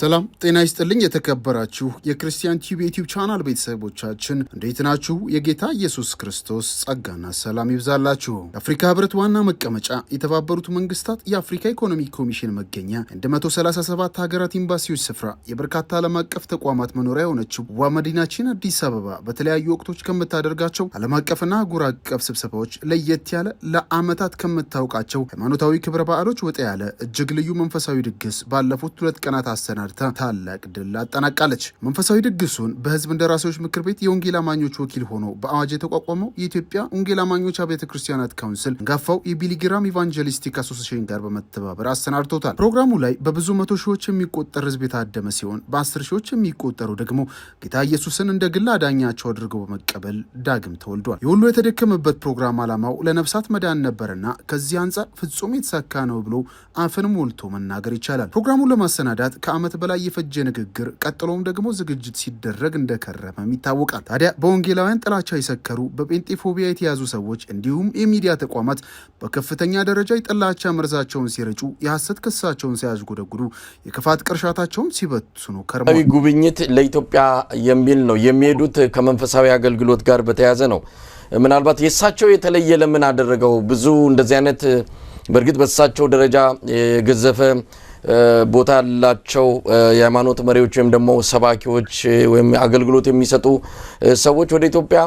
ሰላም ጤና ይስጥልኝ። የተከበራችሁ የክርስቲያን ቲዩብ ዩቲዩብ ቻናል ቤተሰቦቻችን እንዴት ናችሁ? የጌታ ኢየሱስ ክርስቶስ ጸጋና ሰላም ይብዛላችሁ። የአፍሪካ ህብረት ዋና መቀመጫ የተባበሩት መንግስታት የአፍሪካ ኢኮኖሚ ኮሚሽን መገኛ 137 ሀገራት ኤምባሲዎች ስፍራ የበርካታ ዓለም አቀፍ ተቋማት መኖሪያ የሆነችው ዋ መዲናችን አዲስ አበባ በተለያዩ ወቅቶች ከምታደርጋቸው ዓለም አቀፍና አህጉር አቀፍ ስብሰባዎች ለየት ያለ ለአመታት ከምታውቃቸው ሃይማኖታዊ ክብረ በዓሎች ወጣ ያለ እጅግ ልዩ መንፈሳዊ ድግስ ባለፉት ሁለት ቀናት አሰናል ማርታ ታላቅ ድል አጠናቃለች። መንፈሳዊ ድግሱን በህዝብ እንደራሴዎች ምክር ቤት የወንጌል አማኞች ወኪል ሆኖ በአዋጅ የተቋቋመው የኢትዮጵያ ወንጌል አማኞች አብያተ ክርስቲያናት ካውንስል ጋፋው የቢሊግራም ኢቫንጀሊስቲክ አሶሴሽን ጋር በመተባበር አሰናድቶታል። ፕሮግራሙ ላይ በብዙ መቶ ሺዎች የሚቆጠር ህዝብ የታደመ ሲሆን በአስር ሺዎች የሚቆጠሩ ደግሞ ጌታ ኢየሱስን እንደ ግል አዳኛቸው አድርገው በመቀበል ዳግም ተወልዷል። የሁሉ የተደከመበት ፕሮግራም ዓላማው ለነፍሳት መዳን ነበርና ከዚህ አንጻር ፍጹም የተሳካ ነው ብሎ አፍን ሞልቶ መናገር ይቻላል። ፕሮግራሙን ለማሰናዳት ከዓመት በላይ የፈጀ ንግግር ቀጥሎም ደግሞ ዝግጅት ሲደረግ እንደከረመም ይታወቃል። ታዲያ በወንጌላውያን ጥላቻ የሰከሩ በጴንጤፎቢያ የተያዙ ሰዎች እንዲሁም የሚዲያ ተቋማት በከፍተኛ ደረጃ የጥላቻ መርዛቸውን ሲረጩ፣ የሐሰት ክሳቸውን ሲያዥጎደጉዱ፣ የክፋት ቅርሻታቸውን ሲበትኑ ከርማዊ ጉብኝት ለኢትዮጵያ የሚል ነው የሚሄዱት ከመንፈሳዊ አገልግሎት ጋር በተያያዘ ነው። ምናልባት የእሳቸው የተለየ ለምን አደረገው ብዙ እንደዚህ አይነት በእርግጥ በእሳቸው ደረጃ የገዘፈ ቦታ ያላቸው የሃይማኖት መሪዎች ወይም ደግሞ ሰባኪዎች ወይም አገልግሎት የሚሰጡ ሰዎች ወደ ኢትዮጵያ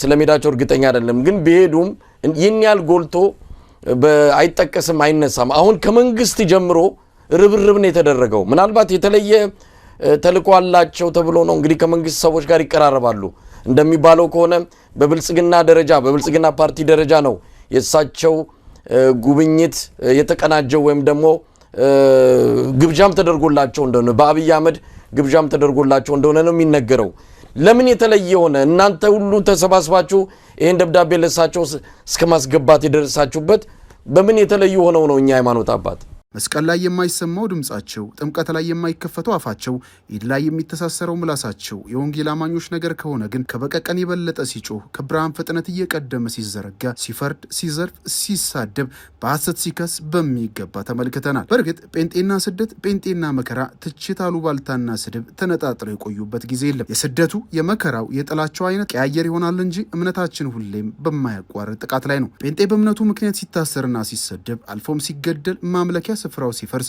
ስለመሄዳቸው እርግጠኛ አይደለም። ግን ቢሄዱም ይህን ያህል ጎልቶ አይጠቀስም፣ አይነሳም። አሁን ከመንግስት ጀምሮ ርብርብ ነው የተደረገው። ምናልባት የተለየ ተልእኮ አላቸው ተብሎ ነው እንግዲህ ከመንግስት ሰዎች ጋር ይቀራረባሉ እንደሚባለው ከሆነ በብልጽግና ደረጃ በብልጽግና ፓርቲ ደረጃ ነው የእሳቸው ጉብኝት የተቀናጀው ወይም ደግሞ ግብዣም ተደርጎላቸው እንደሆነ በአብይ አህመድ ግብዣም ተደርጎላቸው እንደሆነ ነው የሚነገረው። ለምን የተለየ ሆነ? እናንተ ሁሉ ተሰባስባችሁ ይህን ደብዳቤ ለሳቸው እስከ ማስገባት የደረሳችሁበት በምን የተለዩ ሆነው ነው? እኛ ሃይማኖት አባት መስቀል ላይ የማይሰማው ድምፃቸው፣ ጥምቀት ላይ የማይከፈተው አፋቸው፣ ኢድ ላይ የሚተሳሰረው ምላሳቸው የወንጌል አማኞች ነገር ከሆነ ግን ከበቀቀን የበለጠ ሲጮህ ከብርሃን ፍጥነት እየቀደመ ሲዘረጋ፣ ሲፈርድ፣ ሲዘርፍ፣ ሲሳደብ፣ በሐሰት ሲከስ በሚገባ ተመልክተናል። በእርግጥ ጴንጤና ስደት፣ ጴንጤና መከራ፣ ትችት፣ አሉባልታና ስድብ ተነጣጥለው የቆዩበት ጊዜ የለም። የስደቱ የመከራው የጥላቸው አይነት ቀያየር ይሆናል እንጂ እምነታችን ሁሌም በማያቋርጥ ጥቃት ላይ ነው። ጴንጤ በእምነቱ ምክንያት ሲታሰርና ሲሰደብ አልፎም ሲገደል ማምለኪያ ስፍራው ሲፈርስ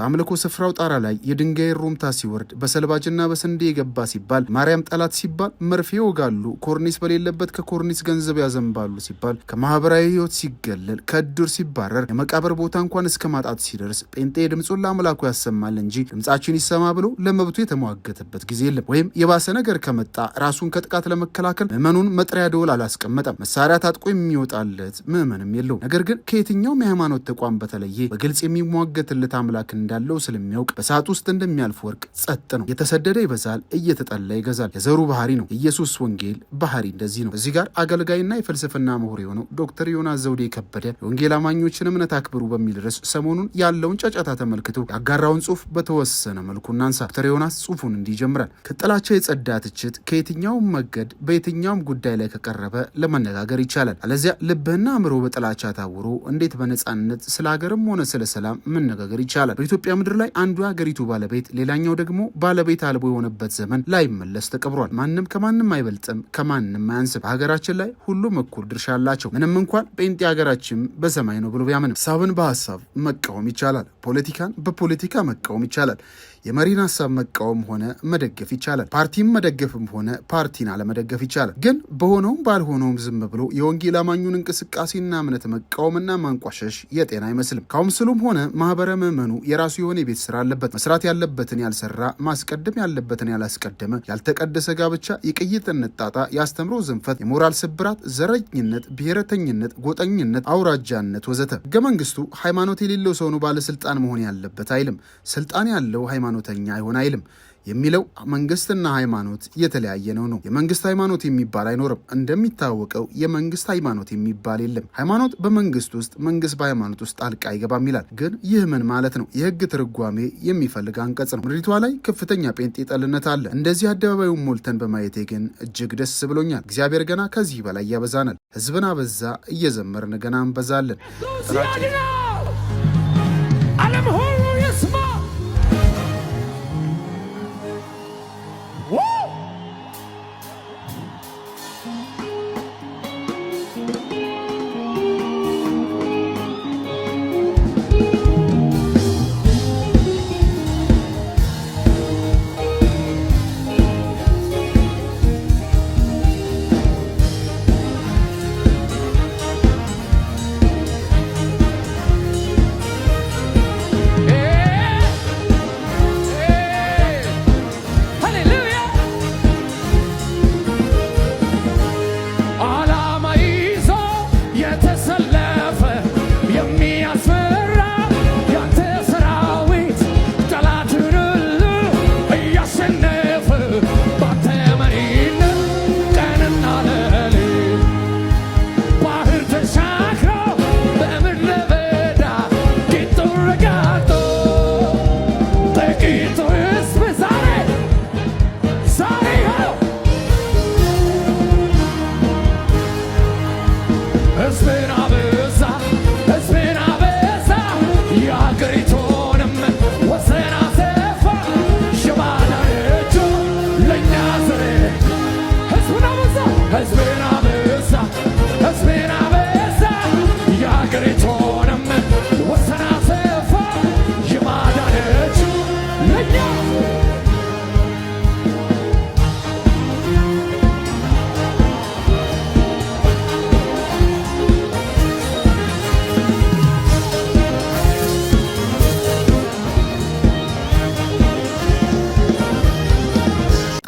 በአምልኮ ስፍራው ጣራ ላይ የድንጋይ ሩምታ ሲወርድ በሰልባጅና በስንዴ የገባ ሲባል ማርያም ጠላት ሲባል መርፌ ይወጋሉ፣ ኮርኒስ በሌለበት ከኮርኒስ ገንዘብ ያዘንባሉ ሲባል ከማህበራዊ ህይወት ሲገለል ከእድር ሲባረር የመቃብር ቦታ እንኳን እስከ ማጣት ሲደርስ ጴንጤ ድምፁን ለአምላኩ ያሰማል እንጂ ድምፃችን ይሰማ ብሎ ለመብቱ የተሟገተበት ጊዜ የለም። ወይም የባሰ ነገር ከመጣ ራሱን ከጥቃት ለመከላከል ምዕመኑን መጥሪያ ደወል አላስቀመጠም። መሳሪያ ታጥቆ የሚወጣለት ምዕመንም የለውም። ነገር ግን ከየትኛውም የሃይማኖት ተቋም በተለየ በግልጽ የሚሟገትለት አምላክ እንዳለው ስለሚያውቅ በሰዓት ውስጥ እንደሚያልፍ ወርቅ ጸጥ ነው። የተሰደደ ይበዛል፣ እየተጠላ ይገዛል። የዘሩ ባህሪ ነው። ኢየሱስ ወንጌል ባህሪ እንደዚህ ነው። እዚህ ጋር አገልጋይና የፍልስፍና ምሁር የሆነው ዶክተር ዮናስ ዘውዴ ከበደ የወንጌል አማኞችን እምነት አክብሩ በሚል ርዕስ ሰሞኑን ያለውን ጫጫታ ተመልክቶ ያጋራውን ጽሁፍ በተወሰነ መልኩ እናንሳ። ዶክተር ዮናስ ጽሁፉን እንዲህ ይጀምራል። ከጥላቻ የጸዳ ትችት ከየትኛውም መገድ በየትኛውም ጉዳይ ላይ ከቀረበ ለመነጋገር ይቻላል። አለዚያ ልብህና አእምሮ በጥላቻ ታውሮ እንዴት በነጻነት ስለ ሀገርም ሆነ ስለ ሰላም መነጋገር ይቻላል? በኢትዮጵያ ምድር ላይ አንዱ የሀገሪቱ ባለቤት ሌላኛው ደግሞ ባለቤት አልቦ የሆነበት ዘመን ላይመለስ ተቀብሯል። ማንም ከማንም አይበልጥም፣ ከማንም አያንስም። በሀገራችን ላይ ሁሉም እኩል ድርሻ አላቸው። ምንም እንኳን ጴንጤ ሀገራችን በሰማይ ነው ብሎ ቢያምንም ሀሳብን በሀሳብ መቃወም ይቻላል። ፖለቲካን በፖለቲካ መቃወም ይቻላል። የመሪን ሀሳብ መቃወም ሆነ መደገፍ ይቻላል። ፓርቲም መደገፍም ሆነ ፓርቲን አለመደገፍ ይቻላል። ግን በሆነውም ባልሆነውም ዝም ብሎ የወንጌል አማኙን እንቅስቃሴና እምነት መቃወምና ማንቋሸሽ የጤና አይመስልም። ካውንስሉም ሆነ ማህበረ ምዕመኑ የራሱ የሆነ የቤት ስራ አለበት። መስራት ያለበትን ያልሰራ፣ ማስቀደም ያለበትን ያላስቀደመ፣ ያልተቀደሰ ጋብቻ፣ የቅይጥ ጣጣ፣ የአስተምሮ ዝንፈት፣ የሞራል ስብራት፣ ዘረኝነት፣ ብሔረተኝነት፣ ጎጠኝነት፣ አውራጃነት ወዘተ ህገ መንግስቱ ሃይማኖት የሌለው ሰውኑ ባለስልጣን መሆን ያለበት አይልም። ስልጣን ያለው ሃይማኖት ሃይማኖተኛ አይሆን አይልም የሚለው መንግስትና ሃይማኖት የተለያየ ነው ነው። የመንግስት ሃይማኖት የሚባል አይኖርም። እንደሚታወቀው የመንግስት ሃይማኖት የሚባል የለም። ሃይማኖት በመንግስት ውስጥ፣ መንግስት በሃይማኖት ውስጥ ጣልቃ አይገባም ይላል። ግን ይህ ምን ማለት ነው? የህግ ትርጓሜ የሚፈልግ አንቀጽ ነው። ምድሪቷ ላይ ከፍተኛ ጴንጤጠልነት አለ። እንደዚህ አደባባዩን ሞልተን በማየቴ ግን እጅግ ደስ ብሎኛል። እግዚአብሔር ገና ከዚህ በላይ ያበዛናል። ህዝብን አበዛ፣ እየዘመርን ገና እንበዛለን።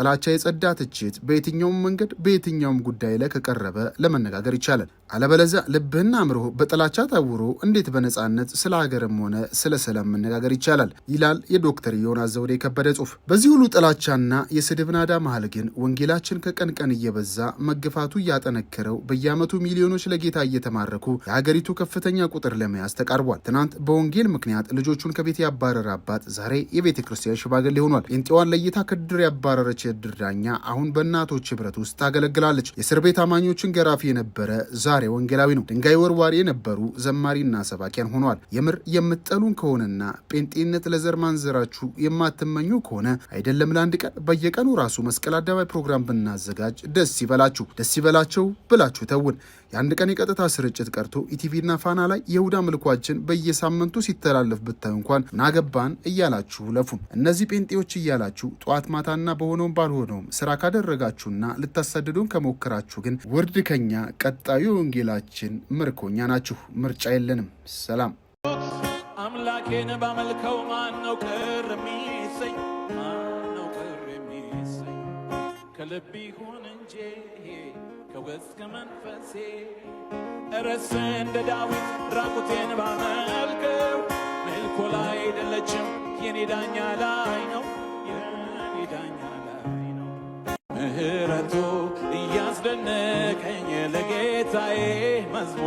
ጥላቻ የጸዳ ትችት በየትኛውም መንገድ በየትኛውም ጉዳይ ላይ ከቀረበ ለመነጋገር ይቻላል። አለበለዚያ ልብህና አእምሮህ በጥላቻ ታውሮ እንዴት በነፃነት ስለ ሀገርም ሆነ ስለ ሰላም መነጋገር ይቻላል? ይላል የዶክተር ዮናስ ዘውዴ የከበደ ጽሁፍ። በዚህ ሁሉ ጥላቻና የስድብ ናዳ መሀል ግን ወንጌላችን ከቀን ቀን እየበዛ መገፋቱ እያጠነከረው፣ በየዓመቱ ሚሊዮኖች ለጌታ እየተማረኩ የሀገሪቱ ከፍተኛ ቁጥር ለመያዝ ተቃርቧል። ትናንት በወንጌል ምክንያት ልጆቹን ከቤት ያባረረ አባት ዛሬ የቤተ ክርስቲያን ሽማግሌ ሆኗል። ጴንጤዋን ለይታ ከድር ያባረረች የድርድር ዳኛ አሁን በእናቶች ህብረት ውስጥ ታገለግላለች። የእስር ቤት አማኞችን ገራፊ የነበረ ዛሬ ወንጌላዊ ነው። ድንጋይ ወርዋሪ የነበሩ ዘማሪና ሰባኪያን ሆኗል። የምር የምጠሉን ከሆነና ጴንጤነት ለዘር ማንዘራችሁ የማትመኙ ከሆነ አይደለም ለአንድ ቀን በየቀኑ ራሱ መስቀል አደባባይ ፕሮግራም ብናዘጋጅ ደስ ይበላችሁ፣ ደስ ይበላቸው ብላችሁ ተውን። የአንድ ቀን የቀጥታ ስርጭት ቀርቶ ኢቲቪና ፋና ላይ የእሁድ አምልኳችን በየሳምንቱ ሲተላለፍ ብታዩ እንኳን ምናገባን እያላችሁ ለፉን። እነዚህ ጴንጤዎች እያላችሁ ጠዋት ማታና በሆነውን ባልሆነውም ስራ ካደረጋችሁና ልታሳድዱን ከሞከራችሁ ግን ውርድ ከኛ ቀጣዩ ወንጌላችን ምርኮኛ ናችሁ። ምርጫ የለንም። ሰላም። አምላኬን ባመልከው ማን ነው ቅር የሚሰኝ? ማን ነው ቅር የሚሰኝ? ከልብ ይሁን እንጂ ከወዝ ከመንፈሴ እረስ እንደ ዳዊት ራቁቴን ባመልከው መልኮ ላይ አይደለችም የኔ ዳኛ ላይ ነው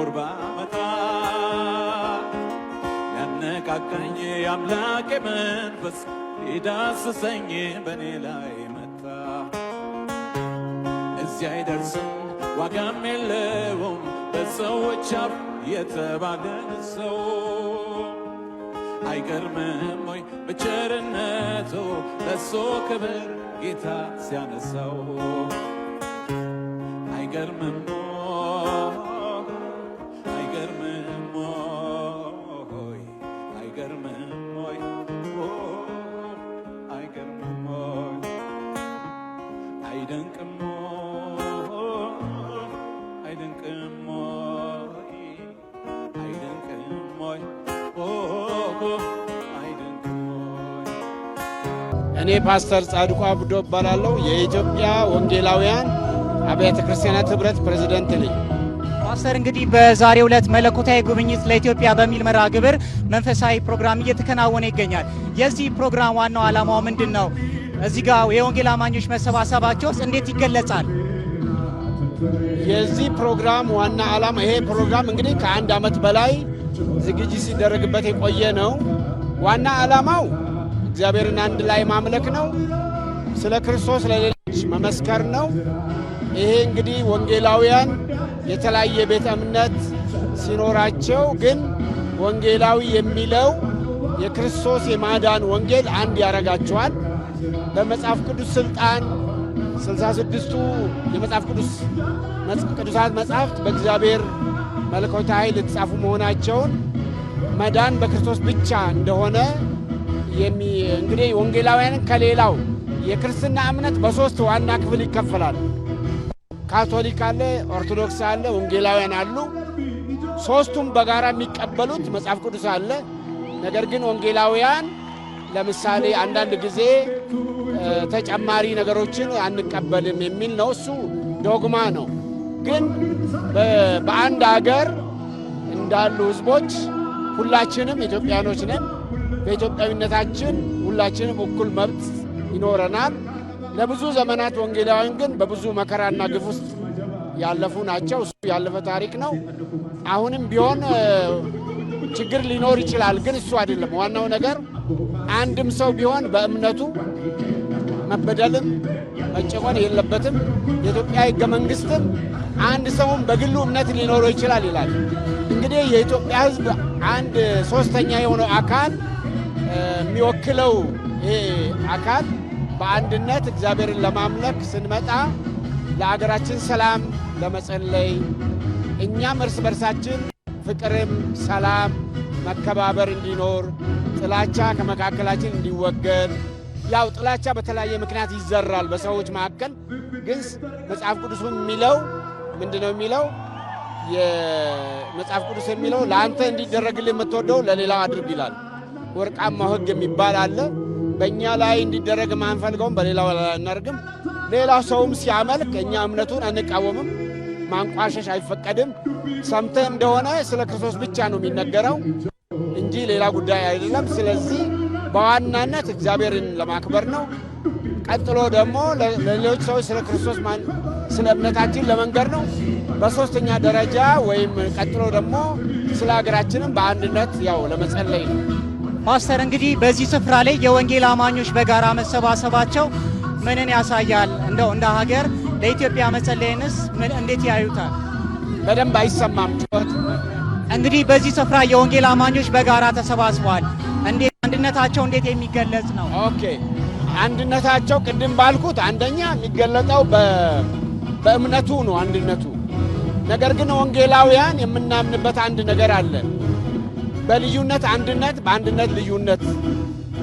ቢኖር ባመታ ያነቃቃኝ የአምላኬ መንፈስ ሊዳስሰኝ በእኔ ላይ መታ። እዚህ አይደርስም ዋጋም የለውም በሰዎች አፍ የተባለን ሰው አይገርምም ወይ በቸርነቱ ለሶ ክብር ጌታ ሲያነሳው አይገርምም ፓስተር ጻድቁ አብዶ እባላለሁ። የኢትዮጵያ ወንጌላውያን አብያተ ክርስቲያናት ህብረት ፕሬዚደንት ነኝ። ፓስተር እንግዲህ በዛሬው ዕለት መለኮታዊ ጉብኝት ለኢትዮጵያ በሚል መርሃ ግብር መንፈሳዊ ፕሮግራም እየተከናወነ ይገኛል። የዚህ ፕሮግራም ዋናው ዓላማው ምንድን ነው? እዚህ ጋር የወንጌል አማኞች መሰባሰባቸውስ እንዴት ይገለጻል? የዚህ ፕሮግራም ዋና ዓላማ ይሄ ፕሮግራም እንግዲህ ከአንድ ዓመት በላይ ዝግጅት ሲደረግበት የቆየ ነው። ዋና ዓላማው እግዚአብሔርን አንድ ላይ ማምለክ ነው። ስለ ክርስቶስ ለሌሎች መመስከር ነው። ይሄ እንግዲህ ወንጌላውያን የተለያየ ቤተ እምነት ሲኖራቸው ግን ወንጌላዊ የሚለው የክርስቶስ የማዳን ወንጌል አንድ ያረጋቸዋል። በመጽሐፍ ቅዱስ ስልጣን ስልሳ ስድስቱ የመጽሐፍ ቅዱስ ቅዱሳት መጽሐፍት በእግዚአብሔር መለኮታዊ ኃይል የተጻፉ መሆናቸውን መዳን በክርስቶስ ብቻ እንደሆነ እንግዲህ ወንጌላውያን ከሌላው የክርስትና እምነት በሶስት ዋና ክፍል ይከፈላል። ካቶሊክ አለ፣ ኦርቶዶክስ አለ፣ ወንጌላውያን አሉ። ሶስቱም በጋራ የሚቀበሉት መጽሐፍ ቅዱስ አለ። ነገር ግን ወንጌላውያን ለምሳሌ አንዳንድ ጊዜ ተጨማሪ ነገሮችን አንቀበልም የሚል ነው። እሱ ዶግማ ነው። ግን በአንድ አገር እንዳሉ ህዝቦች ሁላችንም ኢትዮጵያኖች ነን። በኢትዮጵያዊነታችን ሁላችንም እኩል መብት ይኖረናል። ለብዙ ዘመናት ወንጌላውያን ግን በብዙ መከራና ግፍ ውስጥ ያለፉ ናቸው። እሱ ያለፈ ታሪክ ነው። አሁንም ቢሆን ችግር ሊኖር ይችላል፣ ግን እሱ አይደለም ዋናው ነገር። አንድም ሰው ቢሆን በእምነቱ መበደልም መጨቆን የለበትም። የኢትዮጵያ ሕገ መንግስትም አንድ ሰውም በግሉ እምነት ሊኖረው ይችላል ይላል። እንግዲህ የኢትዮጵያ ሕዝብ አንድ ሶስተኛ የሆነው አካል የሚወክለው ይሄ አካል በአንድነት እግዚአብሔርን ለማምለክ ስንመጣ ለአገራችን ሰላም ለመጸለይ እኛም እርስ በርሳችን ፍቅርም፣ ሰላም፣ መከባበር እንዲኖር ጥላቻ ከመካከላችን እንዲወገድ ያው ጥላቻ በተለያየ ምክንያት ይዘራል በሰዎች መካከል። ግን መጽሐፍ ቅዱስ የሚለው ምንድ ነው የሚለው? የመጽሐፍ ቅዱስ የሚለው ለአንተ እንዲደረግልህ የምትወደው ለሌላው አድርግ ይላል። ወርቃማው ህግ የሚባል አለ። በእኛ ላይ እንዲደረግ ማንፈልገውም፣ በሌላው ላይ አናደርግም። ሌላ ሰውም ሲያመልክ እኛ እምነቱን አንቃወምም፣ ማንቋሸሽ አይፈቀድም። ሰምተህ እንደሆነ ስለ ክርስቶስ ብቻ ነው የሚነገረው እንጂ ሌላ ጉዳይ አይደለም። ስለዚህ በዋናነት እግዚአብሔርን ለማክበር ነው። ቀጥሎ ደግሞ ለሌሎች ሰዎች ስለ ክርስቶስ ስለ እምነታችን ለመንገር ነው። በሶስተኛ ደረጃ ወይም ቀጥሎ ደግሞ ስለ ሀገራችንም በአንድነት ያው ለመጸለይ ነው። ፓስተር እንግዲህ በዚህ ስፍራ ላይ የወንጌል አማኞች በጋራ መሰባሰባቸው ምንን ያሳያል? እንደው እንደ ሀገር ለኢትዮጵያ መጸለይንስ እንዴት ያዩታል? በደንብ አይሰማም ጩኸት። እንግዲህ በዚህ ስፍራ የወንጌል አማኞች በጋራ ተሰባስበዋል። እንዴት አንድነታቸው እንዴት የሚገለጽ ነው? ኦኬ አንድነታቸው ቅድም ባልኩት አንደኛ የሚገለጠው በእምነቱ ነው አንድነቱ። ነገር ግን ወንጌላውያን የምናምንበት አንድ ነገር አለን በልዩነት አንድነት፣ በአንድነት ልዩነት።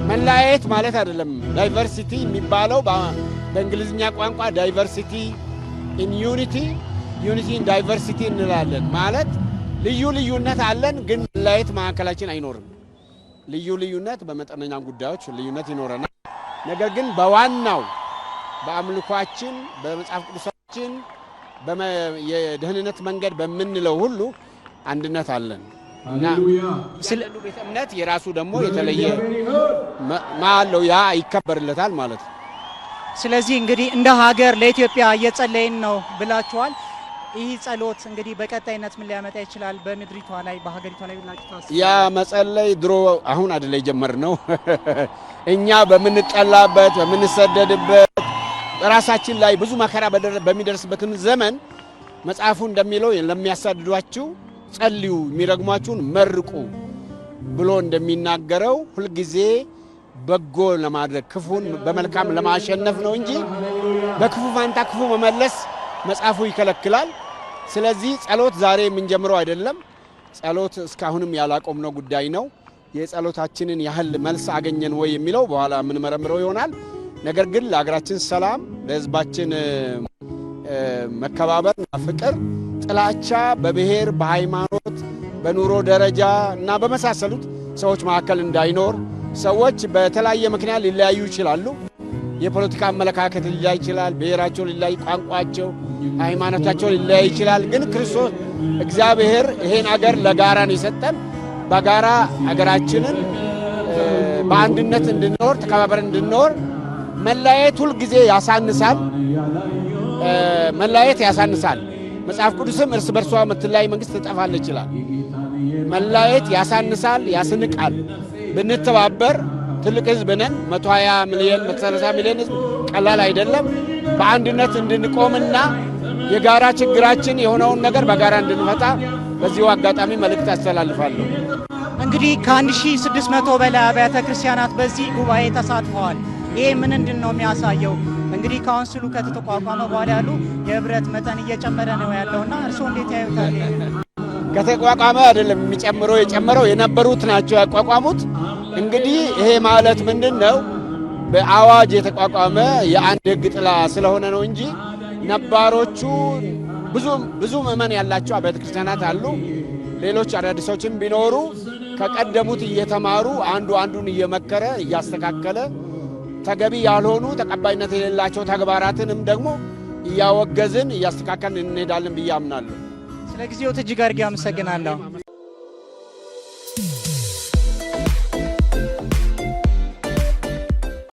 መለያየት ማለት አይደለም። ዳይቨርሲቲ የሚባለው በእንግሊዝኛ ቋንቋ ዳይቨርሲቲ ኢን ዩኒቲ ዩኒቲ ኢን ዳይቨርሲቲ እንላለን። ማለት ልዩ ልዩነት አለን፣ ግን መለያየት መካከላችን አይኖርም። ልዩ ልዩነት በመጠነኛ ጉዳዮች ልዩነት ይኖረናል። ነገር ግን በዋናው በአምልኳችን፣ በመጽሐፍ ቅዱሳችን፣ የደህንነት መንገድ በምንለው ሁሉ አንድነት አለን። ስለ ቤተ እምነት የራሱ ደግሞ የተለየ ማለው ያ ይከበርለታል ማለት ነው። ስለዚህ እንግዲህ እንደ ሀገር ለኢትዮጵያ እየጸለይን ነው ብላችኋል። ይህ ጸሎት እንግዲህ በቀጣይነት ምን ሊያመጣ ይችላል? በምድሪቷ ላይ በሀገሪቷ ላይ ያ መጸለይ ድሮ አሁን አይደለ የጀመርነው። እኛ በምንጠላበት በምንሰደድበት ራሳችን ላይ ብዙ መከራ በሚደርስበትን ዘመን መጽሐፉ እንደሚለው ለሚያሳድዷችሁ ጸልዩ፣ የሚረግሟችሁን መርቁ ብሎ እንደሚናገረው ሁልጊዜ በጎ ለማድረግ ክፉን በመልካም ለማሸነፍ ነው እንጂ በክፉ ፋንታ ክፉ መመለስ መጽሐፉ ይከለክላል። ስለዚህ ጸሎት ዛሬ የምንጀምረው አይደለም። ጸሎት እስካሁንም ያላቆምነው ጉዳይ ነው። የጸሎታችንን ያህል መልስ አገኘን ወይ የሚለው በኋላ የምንመረምረው ይሆናል። ነገር ግን ለሀገራችን ሰላም፣ ለህዝባችን መከባበርና ፍቅር ጥላቻ በብሔር፣ በሃይማኖት፣ በኑሮ ደረጃ እና በመሳሰሉት ሰዎች መካከል እንዳይኖር ሰዎች በተለያየ ምክንያት ሊለያዩ ይችላሉ። የፖለቲካ አመለካከት ሊለያይ ይችላል። ብሔራቸው ሊለያይ፣ ቋንቋቸው፣ ሃይማኖታቸው ሊለያይ ይችላል። ግን ክርስቶስ እግዚአብሔር ይሄን አገር ለጋራ ነው የሰጠን። በጋራ አገራችንን በአንድነት እንድንኖር ተከባብረን እንድንኖር መለያየት ሁልጊዜ ያሳንሳል። መለያየት ያሳንሳል። መጽሐፍ ቅዱስም እርስ በርሷ የምትለያይ መንግሥት ትጠፋለች ይላል። መለያየት ያሳንሳል፣ ያስንቃል። ብንተባበር ትልቅ ህዝብ ነን። 120 ሚሊዮን 130 ሚሊዮን ህዝብ ቀላል አይደለም። በአንድነት እንድንቆምና የጋራ ችግራችን የሆነውን ነገር በጋራ እንድንፈታ በዚሁ አጋጣሚ መልእክት አስተላልፋለሁ። እንግዲህ ከ1600 በላይ አብያተ ክርስቲያናት በዚህ ጉባኤ ተሳትፈዋል። ይህ ምን እንድን ነው የሚያሳየው? እንግዲህ ካውንስሉ ከተቋቋመ በኋላ ያሉ የህብረት መጠን እየጨመረ ነው ያለውና እርስዎ እንዴት ያዩታል? ከተቋቋመ አይደለም የሚጨምረው የጨመረው የነበሩት ናቸው ያቋቋሙት። እንግዲህ ይሄ ማለት ምንድን ነው? በአዋጅ የተቋቋመ የአንድ ህግ ጥላ ስለሆነ ነው እንጂ ነባሮቹ ብዙ ምእመን ያላቸው አብያተ ክርስቲያናት አሉ። ሌሎች አዳዲሶችም ቢኖሩ ከቀደሙት እየተማሩ አንዱ አንዱን እየመከረ እያስተካከለ ተገቢ ያልሆኑ ተቀባይነት የሌላቸው ተግባራትንም ደግሞ እያወገዝን እያስተካከልን እንሄዳለን ብዬ አምናለሁ። ስለ ጊዜው እጅግ አድርጌ አመሰግናለሁ።